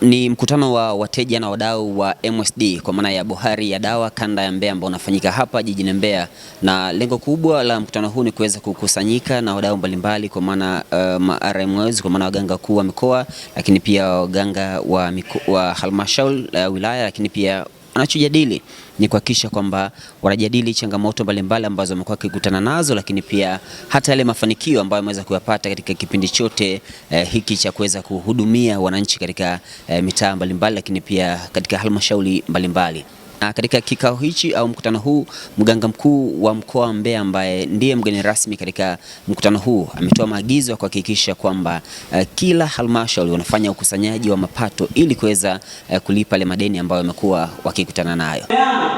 Ni mkutano wa wateja na wadau wa MSD kwa maana ya bohari ya dawa kanda ya Mbeya ambao unafanyika hapa jijini Mbeya, na lengo kubwa la mkutano huu ni kuweza kukusanyika na wadau mbalimbali kwa maana uh, RMOs kwa maana waganga kuu wa mikoa, lakini pia waganga wa, wa halmashauri ya uh, wilaya, lakini pia wanachojadili ni kuhakikisha kwamba wanajadili changamoto mbalimbali ambazo wamekuwa wakikutana nazo, lakini pia hata yale mafanikio ambayo wameweza kuyapata katika kipindi chote eh, hiki cha kuweza kuhudumia wananchi katika eh, mitaa mbalimbali, lakini pia katika halmashauri mbalimbali. Na katika kikao hichi au mkutano huu, mganga mkuu wa mkoa wa Mbeya ambaye ndiye mgeni rasmi katika mkutano huu ametoa maagizo ya kuhakikisha kwamba uh, kila halmashauri wanafanya ukusanyaji wa mapato ili kuweza uh, kulipa le madeni ambayo wamekuwa wakikutana nayo. Yaani,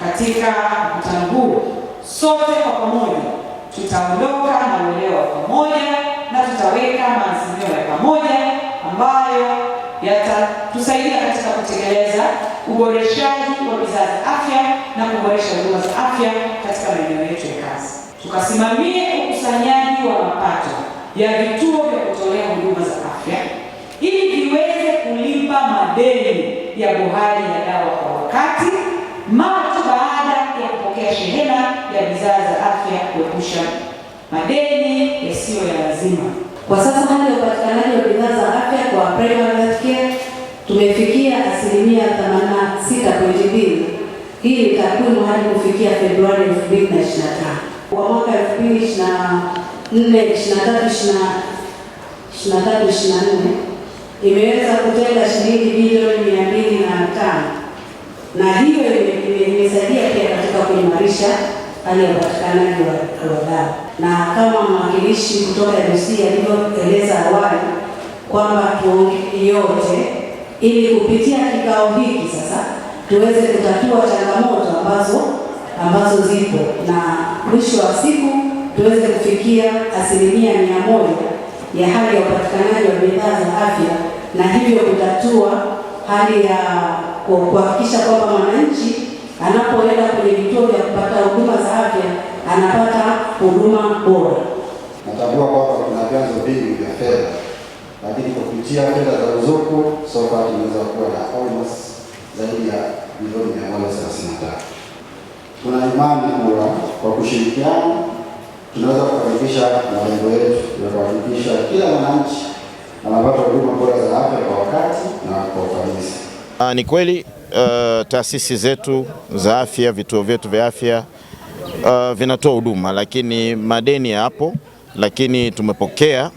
katika mkutano huu sote kwa pamoja tutaondoka na uelewa pamoja na tutaweka maazimio ya pamoja ambayo yatatusaidia katika kutekeleza uboreshaji wa bidhaa za afya na kuboresha huduma za afya katika maeneo yetu ya kazi. Tukasimamie ukusanyaji wa mapato ya vituo vya kutolea huduma za afya ili viweze kulipa madeni ya bohari ya dawa kwa wakati mara tu baada ya kupokea shehena ya bidhaa za afya, kuepusha madeni yasiyo ya lazima. Kwa sasa hali ya upatikanaji Hii ni takwimu hadi kufikia Februari 2025. Kwa mwaka 2024 imeweza kutenga shilingi bilioni 205 na hiyo imesaidia pia katika kuimarisha hali ya upatikanaji wa dawa, na kama mwakilishi kutoka jusi alivyoeleza awali kwamba tuongee yote ili kupitia kikao hiki sasa tuweze kutatua changamoto ambazo ambazo zipo na mwisho wa siku tuweze kufikia asilimia mia moja ya hali ya upatikanaji wa bidhaa za afya, na hivyo kutatua hali ya kuhakikisha kwamba mwananchi anapoenda kwenye vituo vya kupata huduma za afya anapata huduma bora. Natambua kwamba kuna vyanzo vingi vya fedha, lakini kwa kupitia fedha za ruzuku sofa tunaweza kuwa na almost zaidi ya milioni mia moja thelathini na tatu. Tuna imani kuwa kwa kushirikiana tunaweza kufanikisha malengo yetu ya kuhakikisha kila mwananchi anapata huduma bora za afya kwa wakati na kwa ufanisi. Ah, ni kweli uh, taasisi zetu za afya, vituo vyetu vya afya uh, vinatoa huduma, lakini madeni yapo, lakini tumepokea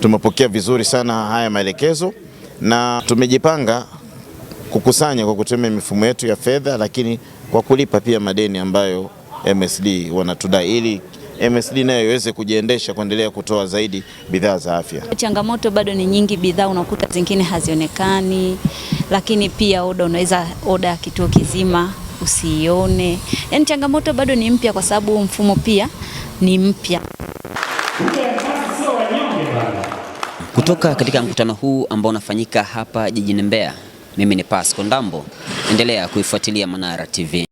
tumepokea vizuri sana haya maelekezo na tumejipanga kukusanya kwa kutumia mifumo yetu ya fedha, lakini kwa kulipa pia madeni ambayo MSD wanatudai ili MSD nayo iweze kujiendesha kuendelea kutoa zaidi bidhaa za afya. Changamoto bado ni nyingi, bidhaa unakuta zingine hazionekani, lakini pia oda, unaweza oda ya kituo kizima usiione. Yaani changamoto bado ni mpya, kwa sababu mfumo pia ni mpya. Kutoka katika mkutano huu ambao unafanyika hapa jijini Mbeya mimi ni Pasco Ndambo, endelea kuifuatilia Manara TV.